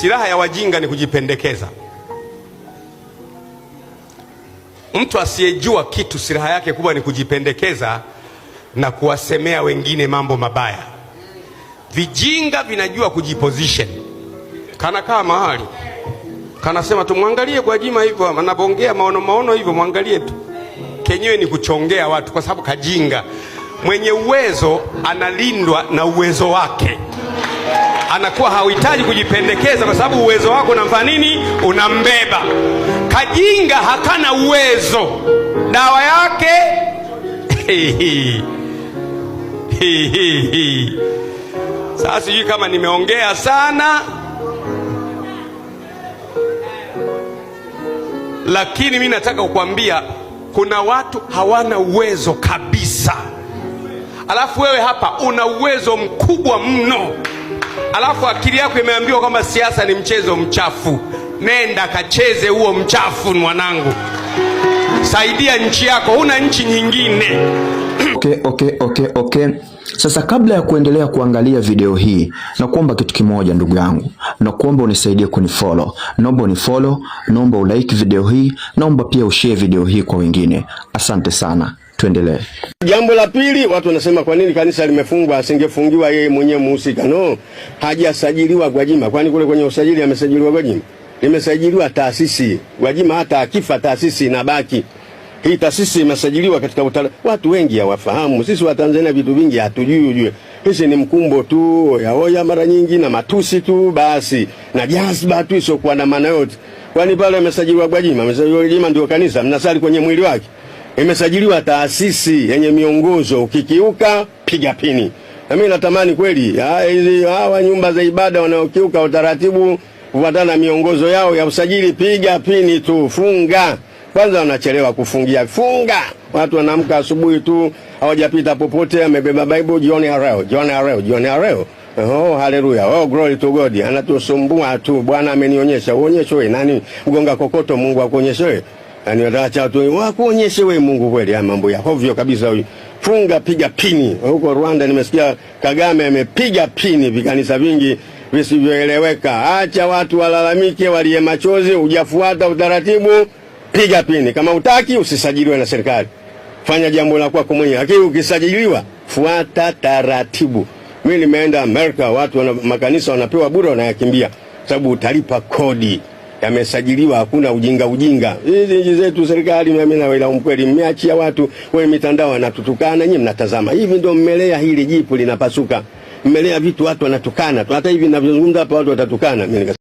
Silaha ya wajinga ni kujipendekeza. Mtu asiyejua kitu, silaha yake kubwa ni kujipendekeza na kuwasemea wengine mambo mabaya. Vijinga vinajua kujiposition, kanakaa mahali kanasema tu, mwangalie Gwajima hivyo anapoongea maono maono hivyo, mwangalie tu. Kenyewe ni kuchongea watu, kwa sababu kajinga. Mwenye uwezo analindwa na uwezo wake anakuwa hauhitaji kujipendekeza, kwa sababu uwezo wako unamfanya nini? Unambeba. Kajinga hakana uwezo, dawa yake sasa sijui kama nimeongea sana, lakini mi nataka kukwambia kuna watu hawana uwezo kabisa, alafu wewe hapa una uwezo mkubwa mno alafu akili yako imeambiwa kwamba siasa ni mchezo mchafu. Nenda kacheze huo mchafu, mwanangu, saidia nchi yako, huna nchi nyingine. Okay, okay, okay, okay. Sasa kabla ya kuendelea kuangalia video hii, nakuomba kitu kimoja ndugu yangu, nakuomba unisaidie kunifollow. Naomba unifollow, naomba ulike video hii, naomba pia ushare video hii kwa wengine. Asante sana. Tuendelee. Jambo la pili, watu wanasema kwa nini kanisa limefungwa? Asingefungiwa yeye mwenyewe muhusika? No, hajasajiliwa Gwajima. Kwani kule kwenye usajili amesajiliwa Gwajima? Limesajiliwa taasisi. Gwajima hata akifa taasisi inabaki. Hii taasisi imesajiliwa katika utala. Watu wengi hawafahamu. Sisi wa Tanzania vitu vingi hatujui ujue. Hizi ni mkumbo tu, ya oya mara nyingi na matusi tu basi. Na jazba tu isokuwa na maana yote. Kwani pale amesajiliwa Gwajima, amesajiliwa Gwajima ndio kanisa, mnasali kwenye mwili wake imesajiliwa taasisi yenye miongozo, ukikiuka piga pini. Na mimi natamani kweli hizi hawa nyumba za ibada wanaokiuka utaratibu kufuatana na miongozo yao ya usajili, piga pini tu, funga kwanza. Wanachelewa kufungia, funga. Watu wanaamka asubuhi tu, hawajapita popote, amebeba Bible, jioni hareo, jioni hareo, jioni hareo. Oh, haleluya. Oh, glory to God. Anatusumbua tu. Bwana amenionyesha. Uonyeshe wewe nani? Mgonga kokoto Mungu akuonyeshe wewe. Yaani wataacha watu wengi wakuonyeshe wewe Mungu kweli ya ah, mambo ya ovyo kabisa huyu. Funga piga pini. Huko Rwanda nimesikia Kagame amepiga pini vikanisa vingi visivyoeleweka. Acha watu walalamike, walie machozi, hujafuata utaratibu, piga pini. Kama utaki usisajiliwe na serikali. Fanya jambo la kwako mwenyewe. Lakini ukisajiliwa, fuata taratibu. Mimi nimeenda Amerika, watu wana, makanisa wanapewa bure wanayakimbia sababu utalipa kodi yamesajiliwa, hakuna ujinga ujinga. Hizi nchi zetu serikali, mimi na wala kweli, mmeachia watu kwenye mitandao wanatutukana, nyinyi mnatazama. Hivi ndio mmelea hili jipu linapasuka, mmelea vitu watu wanatukana tu, hata hivi ninavyozungumza hapa watu watatukana mimi